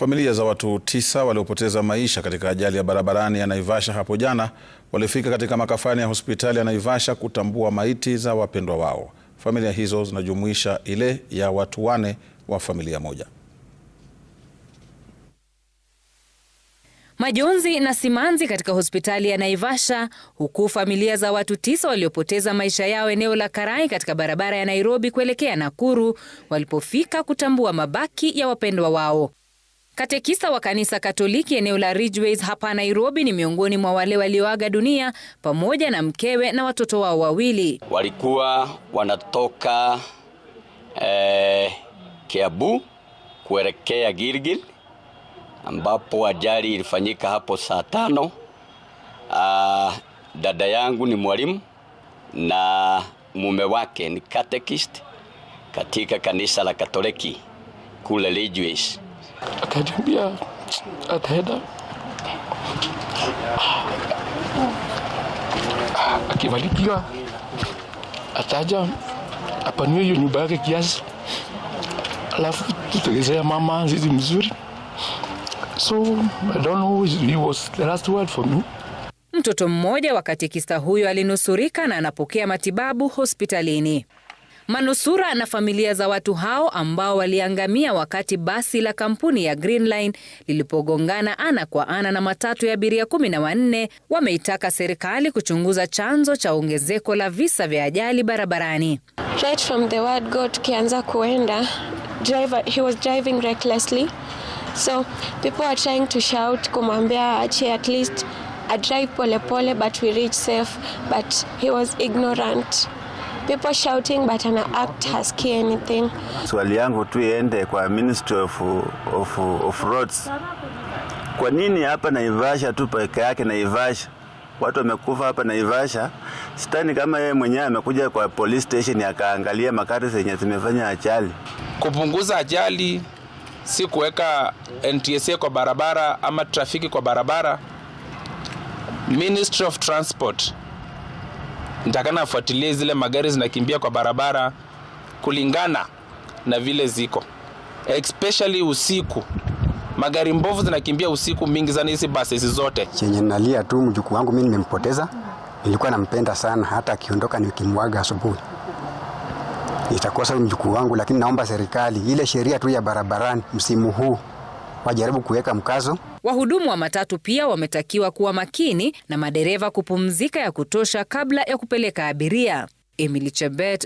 Familia za watu tisa waliopoteza maisha katika ajali ya barabarani ya Naivasha hapo jana walifika katika makafani ya hospitali ya Naivasha kutambua maiti za wapendwa wao. Familia hizo zinajumuisha ile ya watu wane wa familia moja. Majonzi na simanzi katika hospitali ya Naivasha huku familia za watu tisa waliopoteza maisha yao eneo la Karai katika barabara ya Nairobi kuelekea Nakuru walipofika kutambua mabaki ya wapendwa wao. Katekista wa kanisa Katoliki eneo la Ridgeways hapa Nairobi ni miongoni mwa wale walioaga dunia pamoja na mkewe na watoto wao wawili. Walikuwa wanatoka eh, Kiabu kuelekea Gilgil ambapo ajali ilifanyika hapo saa tano. Ah, dada yangu ni mwalimu na mume wake ni katekist katika kanisa la Katoliki kule Ridgeways. Atakimbia, ataenda akibarikiwa, ataja apanue hiyo nyumba yake kiasi, alafu tutegezea mama zizi mzuri. So I don't know it was the last word for me. Mtoto mmoja wa katekista huyo alinusurika na anapokea matibabu hospitalini. Manusura na familia za watu hao ambao waliangamia wakati basi la kampuni ya Greenline lilipogongana ana kwa ana na matatu ya abiria kumi na wanne wameitaka serikali kuchunguza chanzo cha ongezeko la visa vya ajali barabarani. Right from the word go tukianza kuenda driver, he was driving recklessly so people are trying to shout kumwambia ache at least a drive polepole but we reach safe but he was ignorant people shouting but an act hasikii anything. Swali yangu tu iende kwa Ministry of, of, of Roads. Kwa nini hapa Naivasha tu peke yake Naivasha? Watu wamekufa hapa Naivasha. Sitani kama yeye mwenyewe amekuja kwa police station akaangalia makati zenye zimefanya ajali. Kupunguza ajali si kuweka NTSA kwa barabara ama trafiki kwa barabara. Ministry of Transport nitakana afuatilie zile magari zinakimbia kwa barabara kulingana na vile ziko, especially usiku. Magari mbovu zinakimbia usiku mingi sana, hizi basi zote. Chenye nalia tu mjukuu wangu mimi nimempoteza, nilikuwa nampenda sana, hata akiondoka nikimwaga asubuhi nitakosa mjukuu wangu, lakini naomba serikali ile sheria tu ya barabarani msimu huu wajaribu kuweka mkazo. Wahudumu wa matatu pia wametakiwa kuwa makini na madereva kupumzika ya kutosha kabla ya kupeleka abiria. Emily Chebet